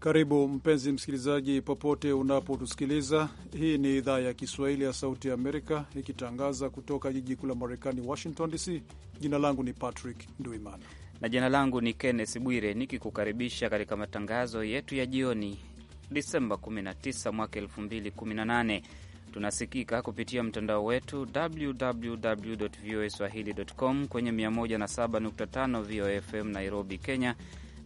Karibu mpenzi msikilizaji, popote unapotusikiliza. Hii ni idhaa ya Kiswahili ya Sauti ya Amerika ikitangaza kutoka jiji kuu la Marekani, Washington DC. Jina langu ni Patrick Nduimana na jina langu ni Kenneth Bwire nikikukaribisha katika matangazo yetu ya jioni, Disemba 19 mwaka 2018. Tunasikika kupitia mtandao wetu www voa swahili com kwenye 107.5 VOA FM Nairobi, Kenya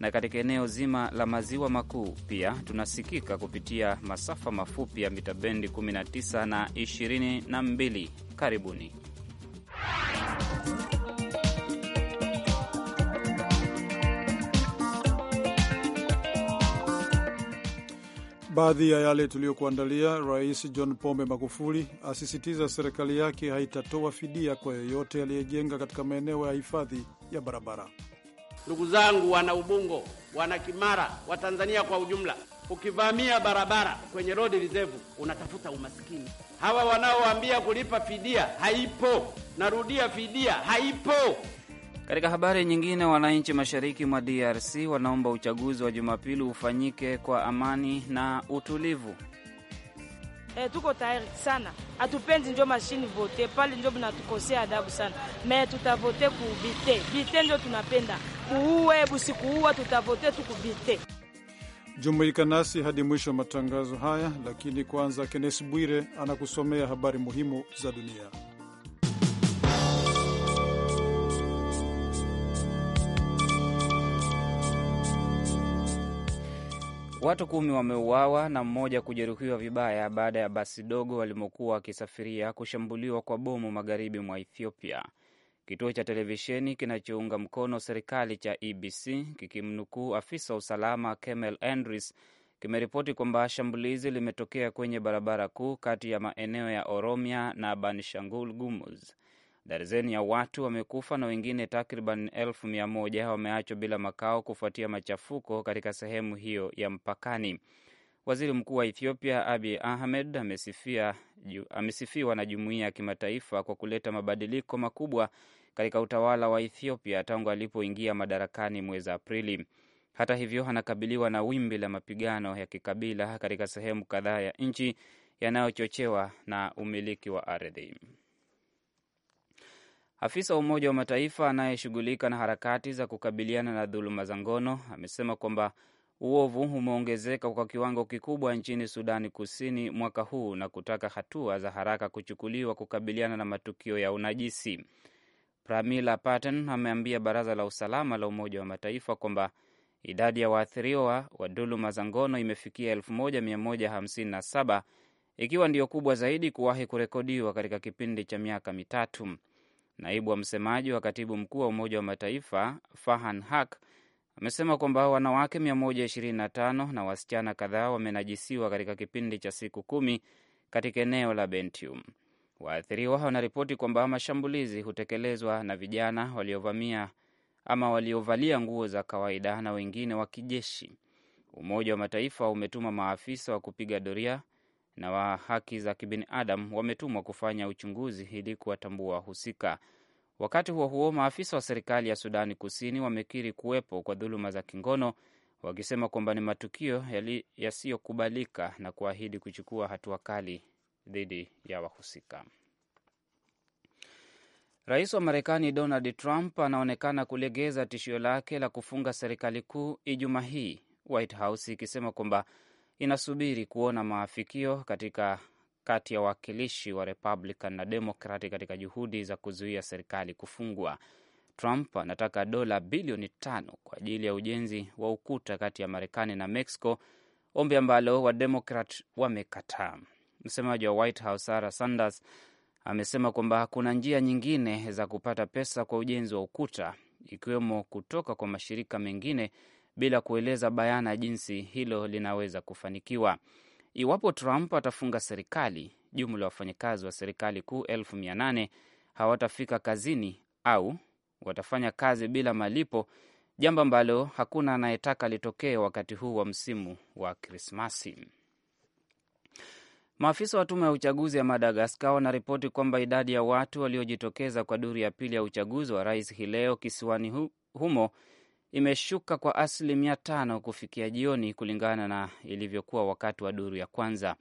na katika eneo zima la maziwa makuu. Pia tunasikika kupitia masafa mafupi ya mita bendi 19 na 22. Karibuni. Baadhi ya yale tuliyokuandalia: Rais John Pombe Magufuli asisitiza serikali yake haitatoa fidia kwa yeyote aliyejenga katika maeneo ya hifadhi ya barabara Ndugu zangu wana Ubungo, wana Kimara, Watanzania kwa ujumla, ukivamia barabara kwenye road reserve unatafuta umaskini. Hawa wanaoambia kulipa fidia haipo, narudia, fidia haipo. Katika habari nyingine, wananchi mashariki mwa DRC wanaomba uchaguzi wa Jumapili ufanyike kwa amani na utulivu eh, tuko tayari sana, hatupendi njo mashini vote pale, njo mnatukosea adabu sana. Me tutavote kubite bite, njo tunapenda kuue busikuua, tutavote tukubite. Jumuika nasi hadi mwisho wa matangazo haya, lakini kwanza kennes Bwire anakusomea habari muhimu za dunia. Watu kumi wameuawa na mmoja kujeruhiwa vibaya baada ya basi dogo walimokuwa wakisafiria kushambuliwa kwa bomu magharibi mwa Ethiopia. Kituo cha televisheni kinachounga mkono serikali cha EBC kikimnukuu afisa wa usalama Kemel andrews kimeripoti kwamba shambulizi limetokea kwenye barabara kuu kati ya maeneo ya Oromia na banishangul Gumuz. Darzeni ya watu wamekufa na wengine takriban elfu mia moja wameachwa bila makao kufuatia machafuko katika sehemu hiyo ya mpakani. Waziri Mkuu wa Ethiopia Abiy Ahmed amesifia, amesifiwa na jumuiya ya kimataifa kwa kuleta mabadiliko makubwa katika utawala wa Ethiopia tangu alipoingia madarakani mwezi Aprili. Hata hivyo, anakabiliwa na wimbi la mapigano ya kikabila katika sehemu kadhaa ya nchi yanayochochewa na umiliki wa ardhi. Afisa wa Umoja wa Mataifa anayeshughulika na harakati za kukabiliana na dhuluma za ngono amesema kwamba uovu umeongezeka kwa kiwango kikubwa nchini Sudani Kusini mwaka huu na kutaka hatua za haraka kuchukuliwa kukabiliana na matukio ya unajisi. Pramila Patten ameambia Baraza la Usalama la Umoja wa Mataifa kwamba idadi ya waathiriwa wa dhuluma za ngono imefikia 1157 ikiwa ndiyo kubwa zaidi kuwahi kurekodiwa katika kipindi cha miaka mitatu. Naibu wa msemaji wa katibu mkuu wa Umoja wa Mataifa Fahan Hak amesema kwamba wanawake 125 na wasichana kadhaa wamenajisiwa katika kipindi cha siku kumi katika eneo la Bentium. Waathiriwa wanaripoti kwamba mashambulizi hutekelezwa na vijana waliovamia ama waliovalia nguo za kawaida na wengine wa kijeshi. Umoja wa Mataifa umetuma maafisa wa kupiga doria na wa haki za kibinadamu wametumwa kufanya uchunguzi ili kuwatambua wahusika. Wakati huo huo, maafisa wa serikali ya Sudani Kusini wamekiri kuwepo kwa dhuluma za kingono, wakisema kwamba ni matukio yasiyokubalika na kuahidi kuchukua hatua kali dhidi ya wahusika. Rais wa Marekani Donald Trump anaonekana kulegeza tishio lake la kufunga serikali kuu Ijumaa hii, White House ikisema kwamba inasubiri kuona maafikio katika kati ya wawakilishi wa Republican na Demokrati katika juhudi za kuzuia serikali kufungwa. Trump anataka dola bilioni tano kwa ajili ya ujenzi wa ukuta kati ya Marekani na Mexico, ombi ambalo Wademokrat wamekataa. Msemaji wa White House Sarah Sanders amesema kwamba kuna njia nyingine za kupata pesa kwa ujenzi wa ukuta, ikiwemo kutoka kwa mashirika mengine bila kueleza bayana jinsi hilo linaweza kufanikiwa. Iwapo Trump atafunga serikali, jumla wafanyakazi wa serikali kuu elfu mia nane hawatafika kazini au watafanya kazi bila malipo, jambo ambalo hakuna anayetaka litokee wakati huu wa msimu wa Krismasi. Maafisa wa tume ya uchaguzi ya Madagaskar wanaripoti kwamba idadi ya watu waliojitokeza kwa duru ya pili ya uchaguzi wa rais hii leo kisiwani humo imeshuka kwa asilimia tano kufikia jioni kulingana na ilivyokuwa wakati wa duru ya kwanza.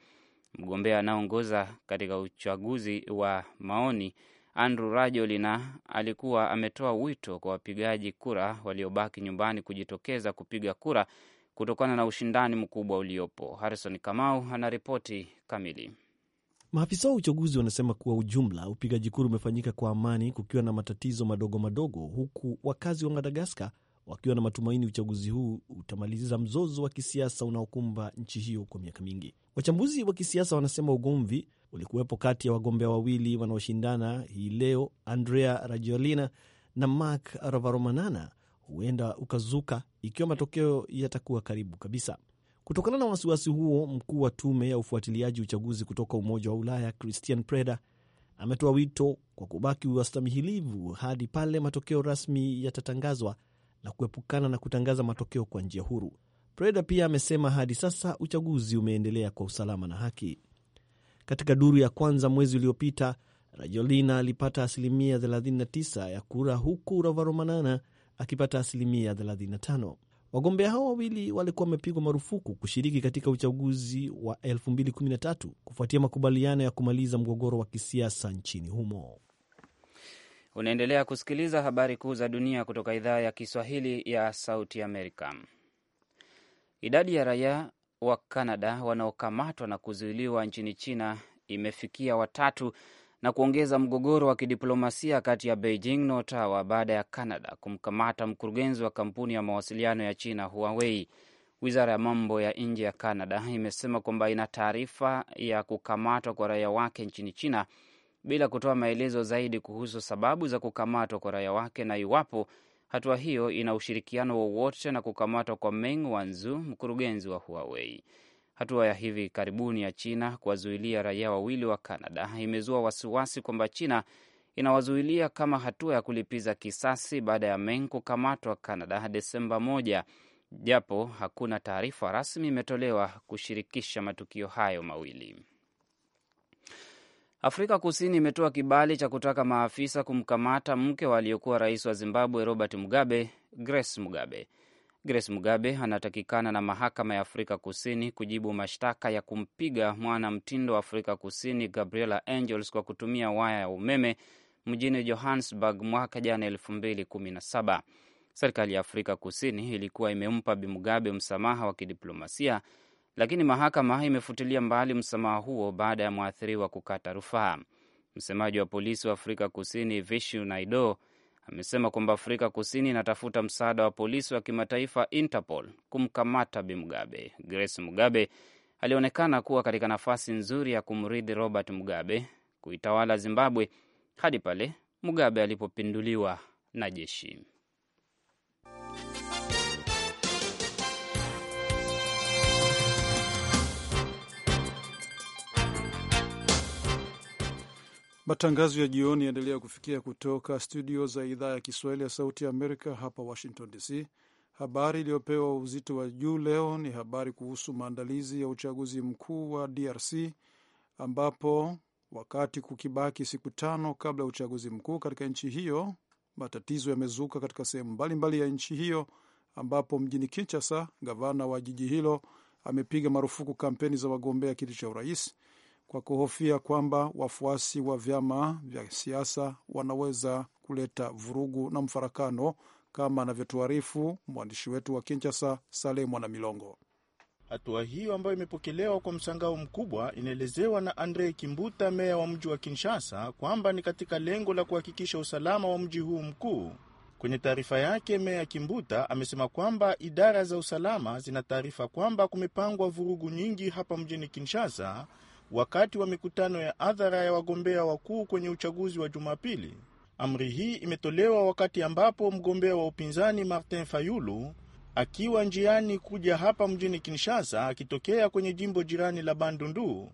Mgombea anaongoza katika uchaguzi wa maoni Andrew Rajolina alikuwa ametoa wito kwa wapigaji kura waliobaki nyumbani kujitokeza kupiga kura kutokana na ushindani mkubwa uliopo. Harrison Kamau anaripoti kamili. Maafisa wa uchaguzi wanasema kuwa ujumla upigaji kura umefanyika kwa amani, kukiwa na matatizo madogo madogo, huku wakazi wa Madagaskar wakiwa na matumaini uchaguzi huu utamaliza mzozo wa kisiasa unaokumba nchi hiyo kwa miaka mingi. Wachambuzi wa kisiasa wanasema ugomvi ulikuwepo kati ya wagombea wawili wanaoshindana hii leo, Andrea Rajoelina na Marc Ravalomanana, huenda ukazuka ikiwa matokeo yatakuwa karibu kabisa. Kutokana na wasiwasi huo, mkuu wa tume ya ufuatiliaji uchaguzi kutoka Umoja wa Ulaya Christian Preda ametoa wito kwa kubaki wastamihilivu hadi pale matokeo rasmi yatatangazwa la kuepukana na kutangaza matokeo kwa njia huru. Preda pia amesema hadi sasa uchaguzi umeendelea kwa usalama na haki. Katika duru ya kwanza mwezi uliopita, Rajolina alipata asilimia 39 ya kura huku Ravaromanana akipata asilimia 35. Wagombea hao wawili walikuwa wamepigwa marufuku kushiriki katika uchaguzi wa 2013 kufuatia makubaliano ya kumaliza mgogoro wa kisiasa nchini humo. Unaendelea kusikiliza habari kuu za dunia kutoka idhaa ya Kiswahili ya Sauti Amerika. Idadi ya raia wa Kanada wanaokamatwa na kuzuiliwa nchini China imefikia watatu na kuongeza mgogoro wa kidiplomasia kati ya Beijing na Ottawa baada ya Canada kumkamata mkurugenzi wa kampuni ya mawasiliano ya China Huawei. Wizara ya mambo ya nje ya Canada imesema kwamba ina taarifa ya kukamatwa kwa raia wake nchini China bila kutoa maelezo zaidi kuhusu sababu za kukamatwa kwa raia wake na iwapo hatua hiyo ina ushirikiano wowote na kukamatwa kwa Meng Wanzu, mkurugenzi wa Huawei. Hatua ya hivi karibuni ya China kuwazuilia raia wawili wa canada imezua wasiwasi kwamba China inawazuilia kama hatua ya kulipiza kisasi baada ya Meng kukamatwa canada Desemba moja, japo hakuna taarifa rasmi imetolewa kushirikisha matukio hayo mawili. Afrika Kusini imetoa kibali cha kutaka maafisa kumkamata mke wa aliyekuwa rais wa Zimbabwe Robert Mugabe, Grace Mugabe. Grace Mugabe anatakikana na mahakama ya Afrika Kusini kujibu mashtaka ya kumpiga mwana mtindo wa Afrika Kusini Gabriela Angels kwa kutumia waya ya umeme mjini Johannesburg mwaka jana 2017. Serikali ya Afrika Kusini ilikuwa imempa Bi Mugabe msamaha wa kidiplomasia lakini mahakama imefutilia mbali msamaha huo baada ya mwathiriwa kukata rufaa. Msemaji wa polisi wa Afrika Kusini Vishu Naido amesema kwamba Afrika Kusini inatafuta msaada wa polisi wa kimataifa Interpol kumkamata Bi Mugabe. Grace Mugabe alionekana kuwa katika nafasi nzuri ya kumrithi Robert Mugabe kuitawala Zimbabwe hadi pale Mugabe alipopinduliwa na jeshi. Matangazo ya jioni yaendelea kufikia kutoka studio za idhaa ya Kiswahili ya Sauti ya Amerika hapa Washington DC. Habari iliyopewa uzito wa juu leo ni habari kuhusu maandalizi ya uchaguzi mkuu wa DRC ambapo wakati kukibaki siku tano kabla ya uchaguzi mkuu katika nchi hiyo, matatizo yamezuka katika sehemu mbalimbali ya nchi hiyo, ambapo mjini Kinshasa, gavana wa jiji hilo amepiga marufuku kampeni za wagombea kiti cha urais kwa kuhofia kwamba wafuasi wa vyama vya siasa wanaweza kuleta vurugu na mfarakano, kama anavyotuarifu mwandishi wetu wa Kinshasa, Saleh Mwanamilongo. Hatua hiyo ambayo imepokelewa kwa mshangao mkubwa inaelezewa na Andre Kimbuta, meya wa mji wa Kinshasa, kwamba ni katika lengo la kuhakikisha usalama wa mji huu mkuu. Kwenye taarifa yake, meya Kimbuta amesema kwamba idara za usalama zina taarifa kwamba kumepangwa vurugu nyingi hapa mjini Kinshasa wakati wa mikutano ya adhara ya wagombea wakuu kwenye uchaguzi wa Jumapili. Amri hii imetolewa wakati ambapo mgombea wa upinzani Martin Fayulu akiwa njiani kuja hapa mjini Kinshasa akitokea kwenye jimbo jirani la Bandundu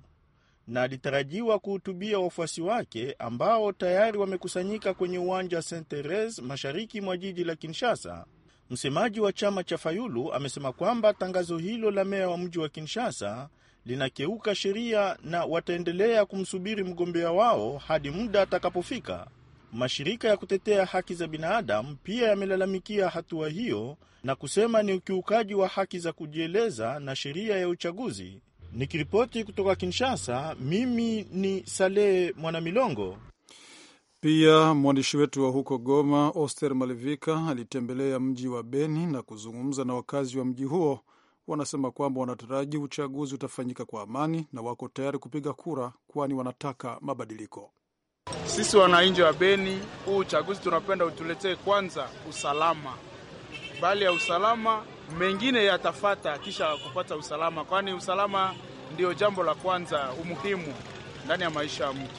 na alitarajiwa kuhutubia wafuasi wake ambao tayari wamekusanyika kwenye uwanja Saint Therese mashariki mwa jiji la Kinshasa. Msemaji wa chama cha Fayulu amesema kwamba tangazo hilo la meya wa mji wa Kinshasa linakeuka sheria na wataendelea kumsubiri mgombea wao hadi muda atakapofika. Mashirika ya kutetea haki za binadamu pia yamelalamikia hatua hiyo na kusema ni ukiukaji wa haki za kujieleza na sheria ya uchaguzi. Nikiripoti kutoka Kinshasa, mimi ni Salehe Mwanamilongo. Pia mwandishi wetu wa huko Goma, Oster Malivika, alitembelea mji wa Beni na kuzungumza na wakazi wa mji huo wanasema kwamba wanataraji uchaguzi utafanyika kwa amani na wako tayari kupiga kura, kwani wanataka mabadiliko. Sisi wananchi wa Beni, huu uchaguzi tunapenda utuletee kwanza usalama. Bali ya usalama mengine yatafata kisha kupata usalama, kwani usalama ndio jambo la kwanza umuhimu ndani ya maisha ya mtu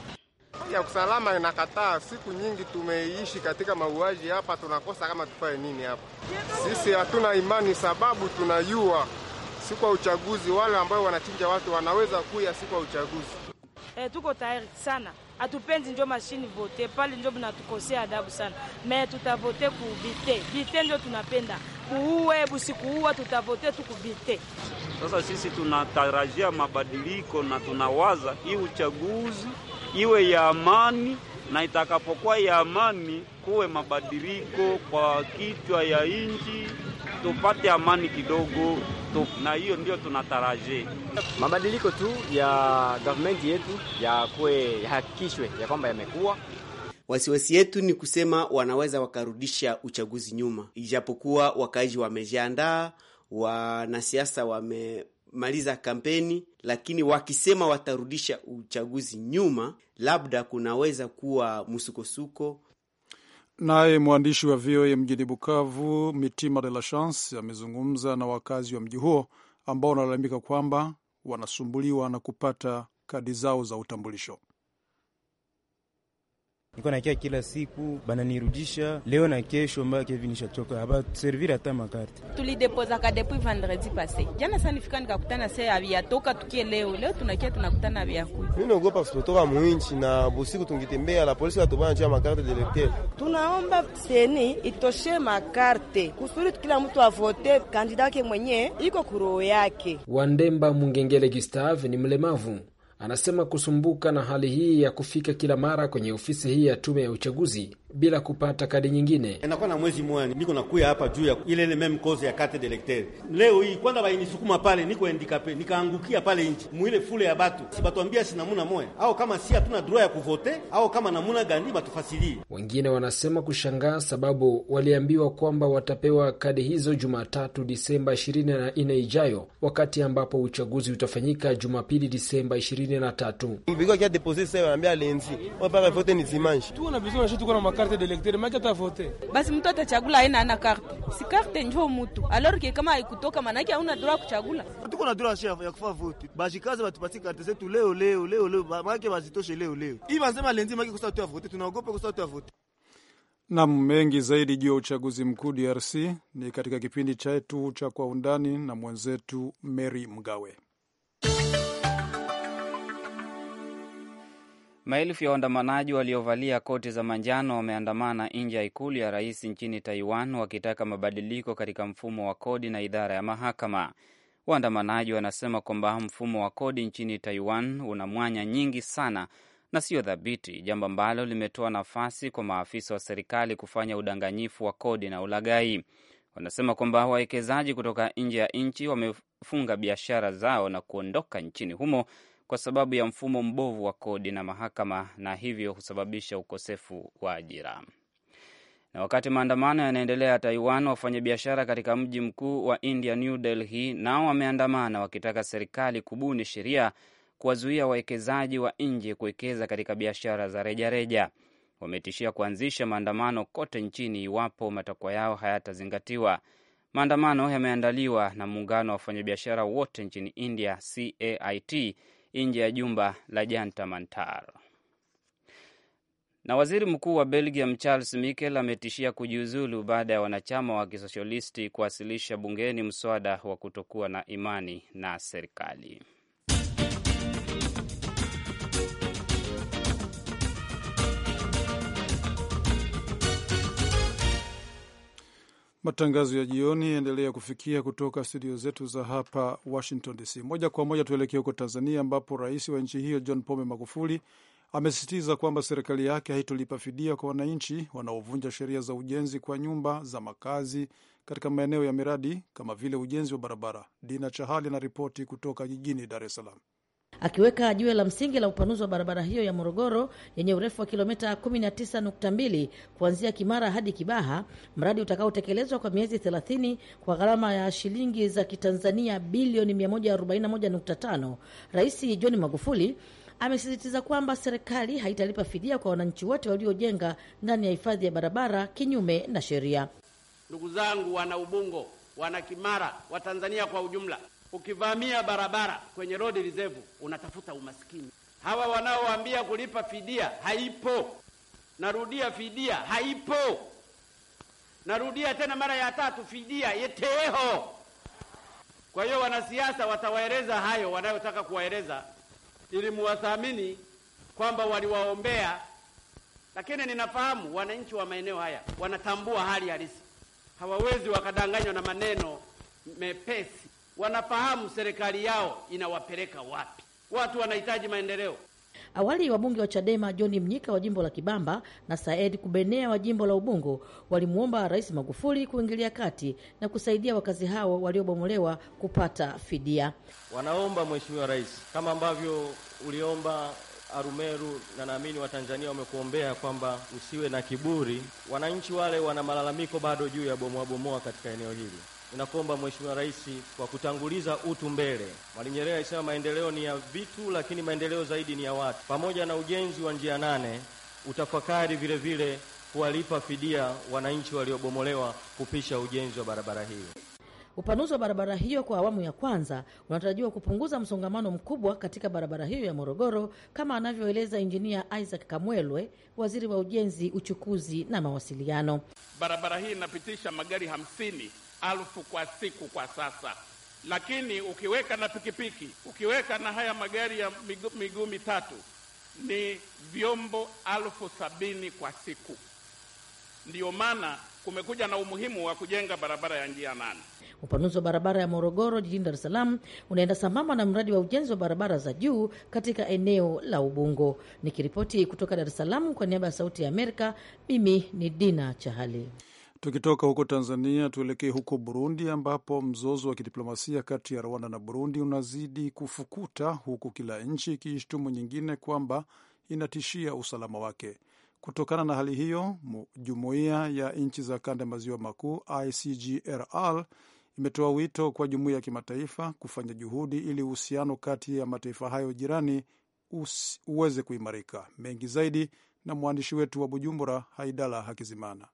ya usalama inakataa. Siku nyingi tumeishi katika mauaji hapa, tunakosa kama tufaye nini hapa. Sisi hatuna imani, sababu tunajua siku ya uchaguzi wale ambao wanachinja watu wanaweza kuya siku ya uchaguzi. E, tuko tayari sana, hatupendi njo mashini vote pale, njo binatukosea adabu sana me, tutavote kubite bite, ndio tunapenda kuue busikuua, tutavote tukubite. Sasa sisi tunatarajia mabadiliko na tunawaza hii uchaguzi iwe ya amani, na itakapokuwa ya amani, kuwe mabadiliko kwa kichwa ya nchi, tupate amani kidogo tu, na hiyo ndio tunataraje mabadiliko tu ya government yetu ya kuwe yahakikishwe ya kwamba yamekuwa Wasiwasi yetu ni kusema wanaweza wakarudisha uchaguzi nyuma, ijapokuwa wakaaji wamejiandaa, wanasiasa wame maliza kampeni, lakini wakisema watarudisha uchaguzi nyuma, labda kunaweza kuwa msukosuko. Naye mwandishi wa VOA mjini Bukavu, Mitima de la Chance, amezungumza na wakazi wa mji huo ambao wanalalamika kwamba wanasumbuliwa na kupata kadi zao za utambulisho niko nakia kila siku bananirudisha leo na kesho, mbaya Kevin shachoka haba servir hata makarte tulidepoza ka depuis vendredi passé jana. Sasa nifika nikakutana avia toka tukie leo leo tunakia tunakutana avia ku Mimi naogopa kutoka muinchi na busiku tungitembea la polisi watubana ya makarte de lecteur. Tunaomba seni itoshe makarte kusuri kila mtu avote kandida ke mwenye iko kuroho yake. Wandemba Mungengele Gustave ni mlemavu Anasema kusumbuka na hali hii ya kufika kila mara kwenye ofisi hii ya tume ya uchaguzi bila kupata kadi nyingine. Inakuwa na mwezi mmoja niko nakuya hapa juu ya ile ile meme cause ya carte d'electeur. Leo hii kwanza nisukuma pale niko handicapé, nikaangukia pale nje. Muile fule ya batu. Si batuambia sina muna moya. Au kama si hatuna droit ya kuvote au kama namuna gani batufasilie. Wengine wanasema kushangaa sababu waliambiwa kwamba watapewa kadi hizo Jumatatu Disemba 24 ijayo wakati ambapo uchaguzi utafanyika Jumapili Disemba 23. Mbiko kia deposit sasa wanaambia lenzi. Wapa vote ni dimanche. Tu na bizona shitu kwa carte d'electeur make tafote basi, mtu atachagula aina ana carte, si carte njo mtu alorke, kama haikutoka manake hauna dura kuchagula. Tuko na dura ya kufa vote, bajikaze batupatie carte zetu leo leo leo leo, manake bazitoshe leo leo, hii banzema lendi make kusa tu vote, tunaogopa kusa tu vote. Na mengi zaidi juu ya uchaguzi mkuu DRC ni katika kipindi chetu cha kwa undani na mwenzetu Mary Mgawe. Maelfu ya waandamanaji waliovalia koti za manjano wameandamana nje ya ikulu ya rais nchini Taiwan wakitaka mabadiliko katika mfumo wa kodi na idara ya mahakama. Waandamanaji wanasema kwamba mfumo wa kodi nchini Taiwan una mwanya nyingi sana na sio thabiti, jambo ambalo limetoa nafasi kwa maafisa wa serikali kufanya udanganyifu wa kodi na ulaghai. Wanasema kwamba wawekezaji kutoka nje ya nchi wamefunga biashara zao na kuondoka nchini humo kwa sababu ya mfumo mbovu wa kodi na mahakama na hivyo husababisha ukosefu wa ajira. Na wakati maandamano yanaendelea Taiwan, wafanyabiashara katika mji mkuu wa India, New Delhi, nao wameandamana wakitaka serikali kubuni sheria kuwazuia wawekezaji wa nje kuwekeza katika biashara za rejareja. Wametishia kuanzisha maandamano kote nchini iwapo matakwa yao hayatazingatiwa. Maandamano yameandaliwa na muungano wa wafanyabiashara wote nchini India, CAIT, nje ya jumba la Janta Mantar. Na waziri mkuu wa Belgium Charles Michel ametishia kujiuzulu baada ya wanachama wa kisoshalisti kuwasilisha bungeni mswada wa kutokuwa na imani na serikali. Matangazo ya jioni yaendelea kufikia kutoka studio zetu za hapa Washington DC. Moja kwa moja tuelekee huko Tanzania, ambapo rais wa nchi hiyo John Pombe Magufuli amesisitiza kwamba serikali yake haitolipa fidia kwa wananchi wanaovunja sheria za ujenzi kwa nyumba za makazi katika maeneo ya miradi kama vile ujenzi wa barabara. Dina Chahali anaripoti kutoka jijini Dar es Salaam akiweka jiwe la msingi la upanuzi wa barabara hiyo ya Morogoro yenye urefu wa kilomita 19.2 kuanzia Kimara hadi Kibaha, mradi utakaotekelezwa kwa miezi 30 kwa gharama ya shilingi za Kitanzania bilioni 141.5. Rais John Magufuli amesisitiza kwamba serikali haitalipa fidia kwa wananchi wote waliojenga ndani ya hifadhi ya barabara kinyume na sheria. Ndugu zangu wana Ubungo, wana Kimara, Watanzania kwa ujumla ukivamia barabara kwenye road reserve unatafuta umaskini. Hawa wanaoambia kulipa fidia haipo, narudia fidia haipo, narudia tena mara ya tatu, fidia yeteho. Kwa hiyo wanasiasa watawaeleza hayo wanayotaka kuwaeleza, ili muwathamini kwamba waliwaombea, lakini ninafahamu wananchi wa maeneo haya wanatambua hali halisi, hawawezi wakadanganywa na maneno mepesi wanafahamu serikali yao inawapeleka wapi. Watu wanahitaji maendeleo. Awali wabunge wa Chadema John Mnyika wa jimbo la Kibamba na Said Kubenea wa jimbo la Ubungo walimwomba Rais Magufuli kuingilia kati na kusaidia wakazi hao waliobomolewa kupata fidia. Wanaomba Mheshimiwa Rais, kama ambavyo uliomba Arumeru na naamini Watanzania wamekuombea kwamba usiwe na kiburi. Wananchi wale wana malalamiko bado juu ya bomoa bomoa katika eneo hili ninakuomba Mheshimiwa Rais kwa kutanguliza utu mbele. Mwalimu Nyerere alisema maendeleo ni ya vitu, lakini maendeleo zaidi ni ya watu. Pamoja na ujenzi wa njia nane, utafakari vile vile kuwalipa fidia wananchi waliobomolewa kupisha ujenzi wa barabara hiyo. Upanuzi wa barabara hiyo kwa awamu ya kwanza unatarajiwa kupunguza msongamano mkubwa katika barabara hiyo ya Morogoro, kama anavyoeleza Injinia Isaac Kamwelwe, waziri wa ujenzi, uchukuzi na mawasiliano. Barabara hii inapitisha magari hamsini alfu kwa siku kwa sasa. Lakini ukiweka na pikipiki, ukiweka na haya magari ya miguu migu mitatu ni vyombo alfu sabini kwa siku. Ndiyo maana kumekuja na umuhimu wa kujenga barabara ya njia nane. Upanuzi wa barabara ya Morogoro jijini Dar es Salaam unaenda sambamba na mradi wa ujenzi wa barabara za juu katika eneo la Ubungo. Nikiripoti kutoka Dar es Salaam kwa niaba ya Sauti ya Amerika, mimi ni Dina Chahali. Tukitoka huko Tanzania tuelekee huko Burundi, ambapo mzozo wa kidiplomasia kati ya Rwanda na Burundi unazidi kufukuta, huku kila nchi ikiishtumu nyingine kwamba inatishia usalama wake. Kutokana na hali hiyo, jumuiya ya nchi za kanda ya maziwa makuu ICGLR imetoa wito kwa jumuiya ya kimataifa kufanya juhudi ili uhusiano kati ya mataifa hayo jirani uweze kuimarika. Mengi zaidi na mwandishi wetu wa Bujumbura, Haidala Hakizimana.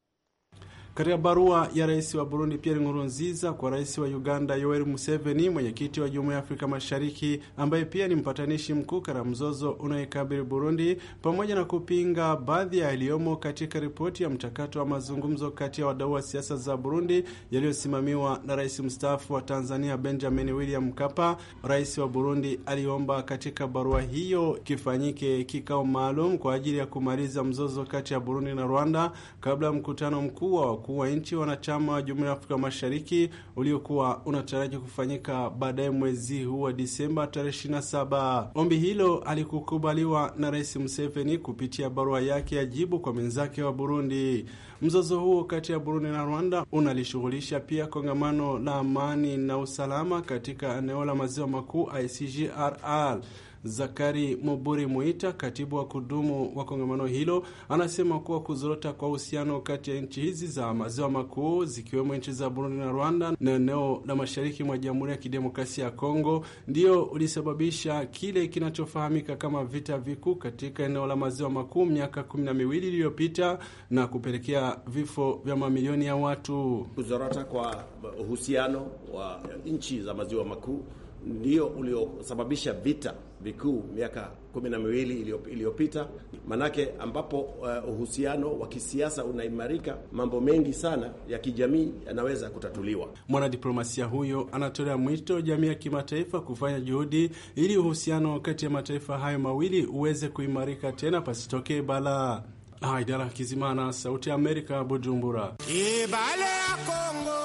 Katika barua ya rais wa Burundi Pierre Nkurunziza kwa rais wa Uganda Yoweri Museveni, mwenyekiti wa Jumuiya ya Afrika Mashariki ambaye pia ni mpatanishi mkuu katika mzozo unaoikabili Burundi, pamoja na kupinga baadhi ya yaliyomo katika ripoti ya mchakato wa mazungumzo kati ya wadau wa siasa za Burundi yaliyosimamiwa na rais mstaafu wa Tanzania Benjamin William Mkapa, rais wa Burundi aliomba katika barua hiyo kifanyike kikao maalum kwa ajili ya kumaliza mzozo kati ya Burundi na Rwanda kabla ya mkutano mkuu wa wakuu wa nchi wanachama wa Jumuiya ya Afrika Mashariki uliokuwa unataraji kufanyika baadaye mwezi huu wa Disemba tarehe 27. Ombi hilo alikukubaliwa na Rais Museveni kupitia barua yake ya jibu kwa mwenzake wa Burundi. Mzozo huo kati ya Burundi na Rwanda unalishughulisha pia kongamano la amani na usalama katika eneo la maziwa makuu ICGRR. Zakari moburi Muita, katibu wa kudumu wa kongamano hilo, anasema kuwa kuzorota kwa uhusiano kati ya nchi hizi za maziwa makuu zikiwemo nchi za Burundi na Rwanda na eneo la mashariki mwa Jamhuri ya Kidemokrasia ya Kongo ndio ulisababisha kile kinachofahamika kama vita vikuu katika eneo la maziwa makuu miaka kumi na miwili iliyopita na kupelekea vifo vya mamilioni ya watu. Kuzorota kwa uhusiano wa nchi za maziwa makuu ndio uliosababisha vita vikuu miaka kumi na miwili iliyopita, manake ambapo uh, uhusiano wa kisiasa unaimarika, mambo mengi sana ya kijamii yanaweza kutatuliwa. Mwanadiplomasia huyo anatolea mwito jamii ya kimataifa kufanya juhudi ili uhusiano kati ya mataifa hayo mawili uweze kuimarika tena pasitokee balaa. Haidara Kizimana, Sauti ya Amerika, Bujumbura. Ibale ya Kongo,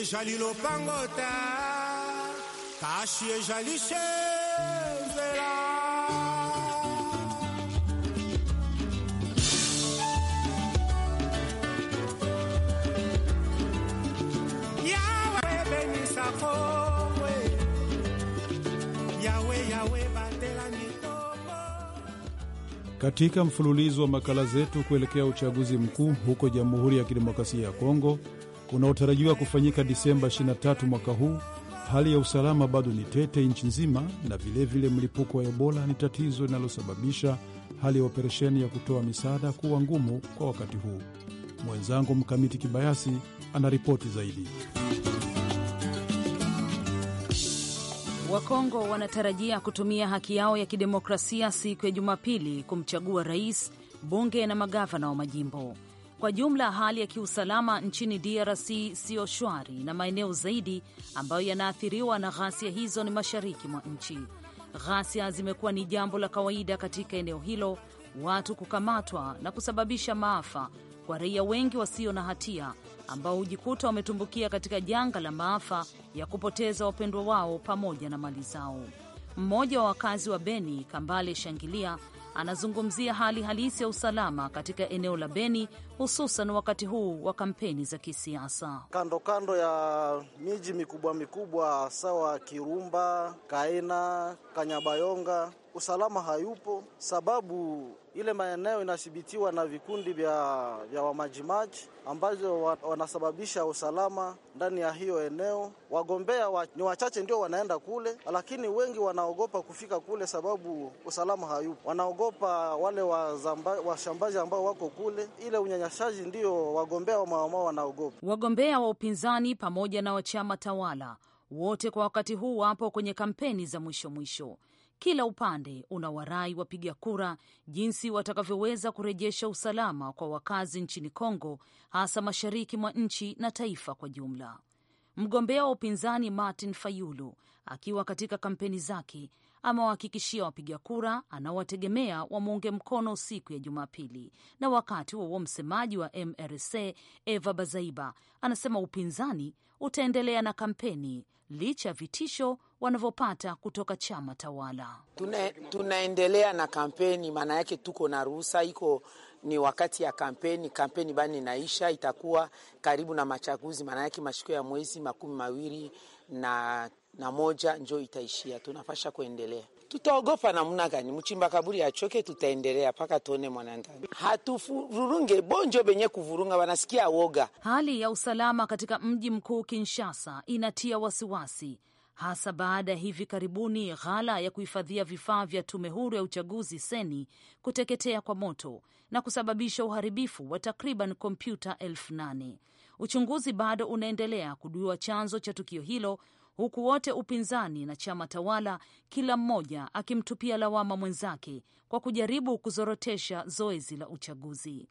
ishalilo e jalishe e e Katika mfululizo wa makala zetu kuelekea uchaguzi mkuu huko Jamhuri ya Kidemokrasia ya Kongo unaotarajiwa kufanyika Disemba 23 mwaka huu, Hali ya usalama bado ni tete nchi nzima, na vilevile mlipuko wa Ebola ni tatizo linalosababisha hali ya operesheni ya kutoa misaada kuwa ngumu kwa wakati huu. Mwenzangu Mkamiti Kibayasi ana ripoti zaidi. Wakongo wanatarajia kutumia haki yao ya kidemokrasia siku ya Jumapili kumchagua rais, bunge na magavana wa majimbo. Kwa jumla hali ya kiusalama nchini DRC siyo shwari, na maeneo zaidi ambayo yanaathiriwa na ghasia hizo ni mashariki mwa nchi. Ghasia zimekuwa ni jambo la kawaida katika eneo hilo, watu kukamatwa na kusababisha maafa kwa raia wengi wasio na hatia ambao hujikuta wametumbukia katika janga la maafa ya kupoteza wapendwa wao pamoja na mali zao. Mmoja wa wakazi wa Beni, Kambale Shangilia, anazungumzia hali halisi ya usalama katika eneo la Beni, hususan wakati huu wa kampeni za kisiasa. Kando kando ya miji mikubwa mikubwa sawa Kirumba, Kaina, Kanyabayonga, usalama hayupo, sababu ile maeneo inathibitiwa na vikundi vya, vya wamajimaji ambazo wa, wanasababisha usalama ndani ya hiyo eneo. Wagombea wa, ni wachache ndio wanaenda kule, lakini wengi wanaogopa kufika kule sababu usalama hayupo. Wanaogopa wale washambazi wa ambao wako kule, ile unyanyashaji ndio wagombea wa maamao wanaogopa. Wagombea wa upinzani pamoja na wachama tawala wote kwa wakati huu wapo kwenye kampeni za mwisho mwisho. Kila upande unawarai wapiga kura jinsi watakavyoweza kurejesha usalama kwa wakazi nchini Kongo, hasa mashariki mwa nchi na taifa kwa jumla. Mgombea wa upinzani Martin Fayulu akiwa katika kampeni zake amewahakikishia wapiga kura anaowategemea wamuunge mkono siku ya Jumapili. Na wakati wa huo, msemaji wa MRC Eva Bazaiba anasema upinzani utaendelea na kampeni licha ya vitisho wanavyopata kutoka chama tawala. Tuna, tunaendelea na kampeni, maana yake tuko na ruhusa, iko ni wakati ya kampeni. Kampeni bani inaisha, itakuwa karibu na machaguzi, maana yake mashiko ya mwezi makumi mawili na, na moja njo itaishia, tunapasha kuendelea tutaogopa namna gani? Mchimba kaburi achoke, tutaendelea mpaka tuone mwanandani. Hatuvurunge bonjo benye kuvurunga, wanasikia woga. Hali ya usalama katika mji mkuu Kinshasa inatia wasiwasi hasa baada ya hivi karibuni ghala ya kuhifadhia vifaa vya tume huru ya uchaguzi seni kuteketea kwa moto na kusababisha uharibifu wa takriban kompyuta elfu nane. Uchunguzi bado unaendelea kujua chanzo cha tukio hilo, huku wote upinzani na chama tawala kila mmoja akimtupia lawama mwenzake kwa kujaribu kuzorotesha zoezi la uchaguzi.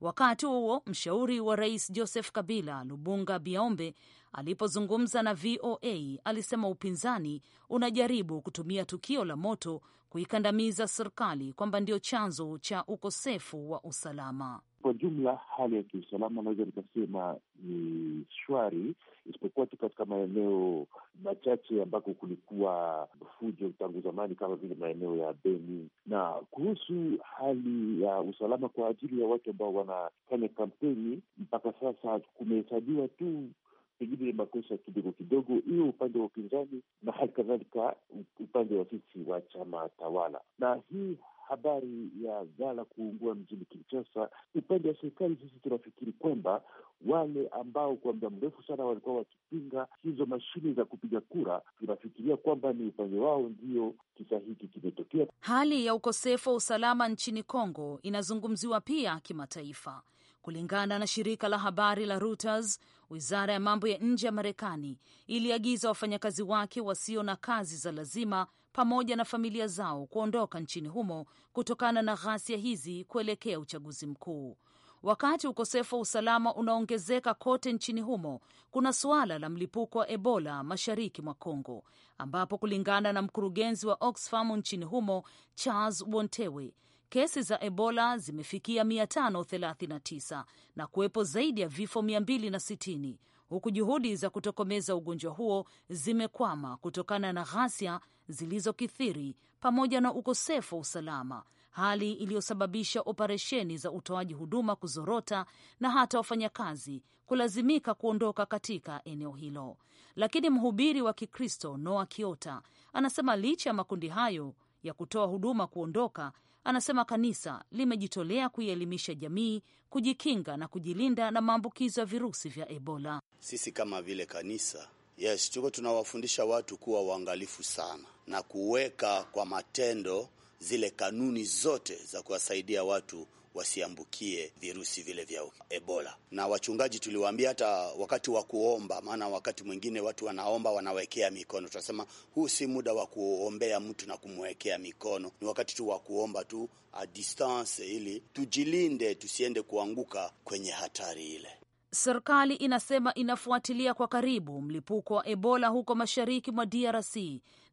Wakati huo mshauri wa rais Joseph Kabila Lubunga Biaombe alipozungumza na VOA alisema upinzani unajaribu kutumia tukio la moto kuikandamiza serikali kwamba ndio chanzo cha ukosefu wa usalama. Kwa jumla, hali ya kiusalama naweza nikasema ni shwari isipokuwa tu katika maeneo machache ambako kulikuwa fujo tangu zamani kama vile maeneo ya Beni. Na kuhusu hali ya usalama kwa ajili ya watu ambao wanafanya kampeni, mpaka sasa kumehesabiwa tu pengine makosa kidogo kidogo, hiyo upande wa upinzani na hali kadhalika upande wa sisi wa chama tawala, na hii habari ya zala kuungua mjini Kinshasa, upande wa serikali sisi tunafikiri kwamba wale ambao kwa muda mrefu sana walikuwa wakipinga hizo mashine za kupiga kura, tunafikiria kwamba ni upande wao ndio kisa hiki kimetokea. Hali ya ukosefu wa usalama nchini Kongo inazungumziwa pia kimataifa. Kulingana na shirika la habari la Reuters, wizara ya mambo ya nje ya Marekani iliagiza wafanyakazi wake wasio na kazi za lazima pamoja na familia zao kuondoka nchini humo kutokana na ghasia hizi kuelekea uchaguzi mkuu. Wakati ukosefu wa usalama unaongezeka kote nchini humo, kuna suala la mlipuko wa Ebola mashariki mwa congo ambapo kulingana na mkurugenzi wa Oxfam nchini humo Charles Wontewe, kesi za Ebola zimefikia 539 na kuwepo zaidi ya vifo 260 huku juhudi za kutokomeza ugonjwa huo zimekwama kutokana na ghasia zilizokithiri pamoja na ukosefu wa usalama, hali iliyosababisha operesheni za utoaji huduma kuzorota na hata wafanyakazi kulazimika kuondoka katika eneo hilo. Lakini mhubiri wa Kikristo noa Kiota anasema licha ya makundi hayo ya kutoa huduma kuondoka, anasema kanisa limejitolea kuielimisha jamii kujikinga na kujilinda na maambukizo ya virusi vya Ebola. Sisi kama vile kanisa Yes, tuko tunawafundisha watu kuwa waangalifu sana na kuweka kwa matendo zile kanuni zote za kuwasaidia watu wasiambukie virusi vile vya Ebola. Na wachungaji tuliwaambia hata wakati wa kuomba, maana wakati mwingine watu wanaomba wanawekea mikono. Tunasema huu si muda wa kuombea mtu na kumwekea mikono, ni wakati tu wa kuomba tu a distance, ili tujilinde tusiende kuanguka kwenye hatari ile. Serikali inasema inafuatilia kwa karibu mlipuko wa Ebola huko mashariki mwa DRC.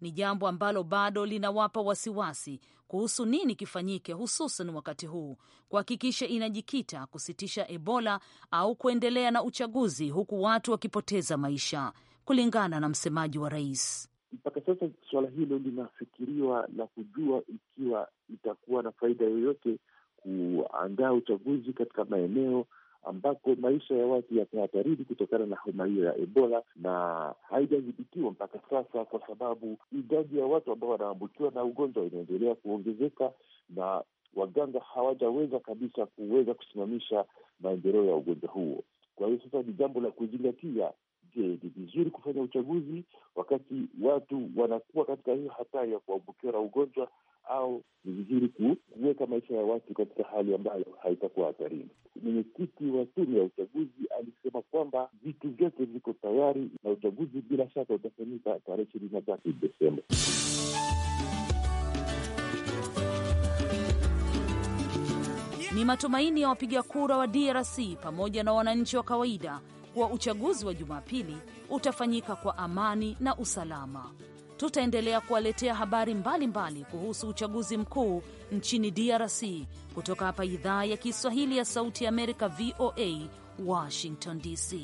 Ni jambo ambalo bado linawapa wasiwasi kuhusu nini kifanyike, hususan wakati huu kuhakikisha inajikita kusitisha Ebola au kuendelea na uchaguzi, huku watu wakipoteza maisha, kulingana na msemaji wa rais. Mpaka sasa suala hilo linafikiriwa na kujua ikiwa itakuwa na faida yoyote kuandaa uchaguzi katika maeneo ambako maisha ya watu yatahatarini kutokana na homa hiyo ya Ebola na haijadhibitiwa mpaka sasa, kwa sababu idadi ya watu ambao wanaambukiwa na ugonjwa inaendelea kuongezeka na waganga hawajaweza kabisa kuweza kusimamisha maendeleo ya ugonjwa huo. Kwa hiyo sasa ni jambo la kuzingatia. Je, ni vizuri kufanya uchaguzi wakati watu wanakuwa katika hiyo hatari ya kuambukiwa na ugonjwa? au ni vizuri kuweka maisha ya watu katika hali ambayo haitakuwa hatarini. Mwenyekiti wa tume ya uchaguzi alisema kwamba vitu vyote viko tayari na uchaguzi bila shaka utafanyika tarehe ishirini na tatu Desemba. Ni matumaini ya wapiga kura wa DRC pamoja na wananchi wa kawaida kuwa uchaguzi wa Jumapili utafanyika kwa amani na usalama tutaendelea kuwaletea habari mbalimbali mbali kuhusu uchaguzi mkuu nchini DRC kutoka hapa idhaa ya Kiswahili ya Sauti ya Amerika, VOA, Washington DC.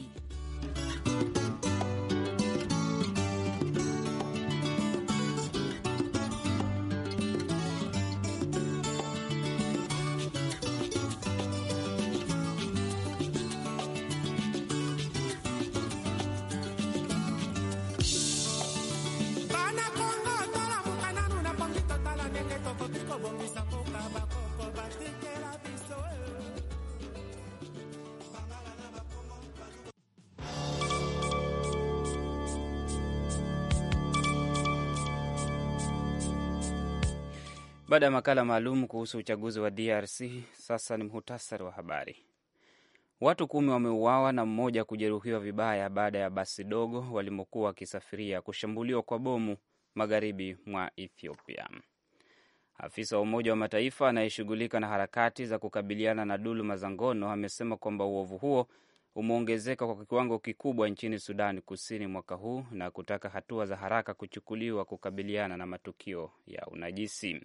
Baada ya makala maalum kuhusu uchaguzi wa DRC, sasa ni muhtasari wa habari. Watu kumi wameuawa na mmoja kujeruhiwa vibaya baada ya basi dogo walimokuwa wakisafiria kushambuliwa kwa bomu magharibi mwa Ethiopia. Afisa wa Umoja wa Mataifa anayeshughulika na harakati za kukabiliana na dhuluma za ngono amesema kwamba uovu huo umeongezeka kwa kiwango kikubwa nchini Sudan Kusini mwaka huu na kutaka hatua za haraka kuchukuliwa kukabiliana na matukio ya unajisi.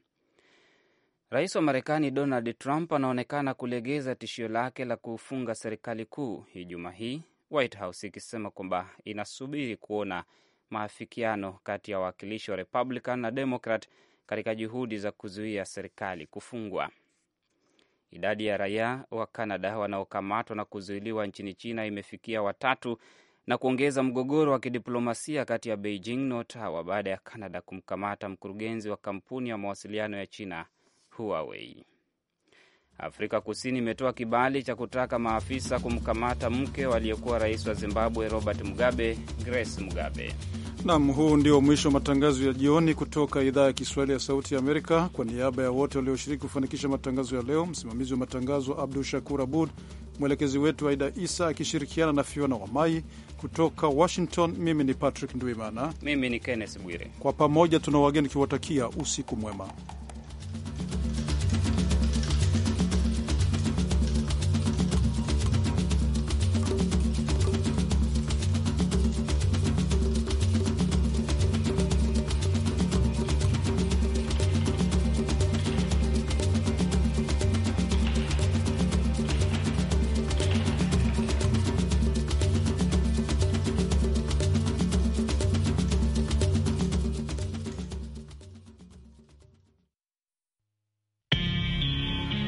Rais wa Marekani Donald Trump anaonekana kulegeza tishio lake la kufunga serikali kuu hii juma hii, White House ikisema kwamba inasubiri kuona maafikiano kati ya wawakilishi wa Republican na Democrat katika juhudi za kuzuia serikali kufungwa. Idadi ya raia wa canada wanaokamatwa na kuzuiliwa nchini China imefikia watatu na kuongeza mgogoro wa kidiplomasia kati ya Beijing na Ottawa baada ya canada kumkamata mkurugenzi wa kampuni ya mawasiliano ya China Huawei. Afrika Kusini imetoa kibali cha kutaka maafisa kumkamata mke aliyekuwa rais wa Zimbabwe Robert Mugabe, Grace Mugabe. Nam, huu ndio mwisho wa matangazo ya jioni kutoka idhaa ya Kiswahili ya Sauti ya Amerika. Kwa niaba ya wote walioshiriki kufanikisha matangazo ya leo, msimamizi wa matangazo Abdu Shakur Abud, mwelekezi wetu Aida Isa akishirikiana na Fiona Wamai kutoka Washington. Mimi ni Patrick Ndwimana, mimi ni Kenneth Bwire, kwa pamoja tuna wageni kiwatakia usiku mwema.